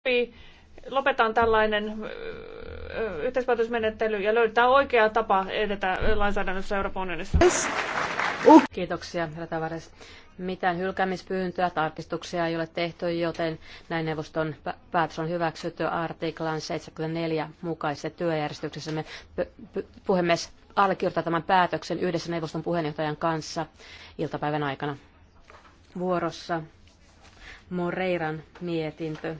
sopii, lopetaan tällainen yhteispäätösmenettely ja löydetään oikea tapa edetä lainsäädännössä Euroopan unionissa. Kiitoksia, herra Tavares. Mitään hylkäämispyyntöä, tarkistuksia ei ole tehty, joten näin neuvoston päätös on hyväksytty artiklan 74 mukaisessa työjärjestyksessämme. Puhemies allekirjoittaa tämän päätöksen yhdessä neuvoston puheenjohtajan kanssa iltapäivän aikana. Vuorossa Moreiran mietintö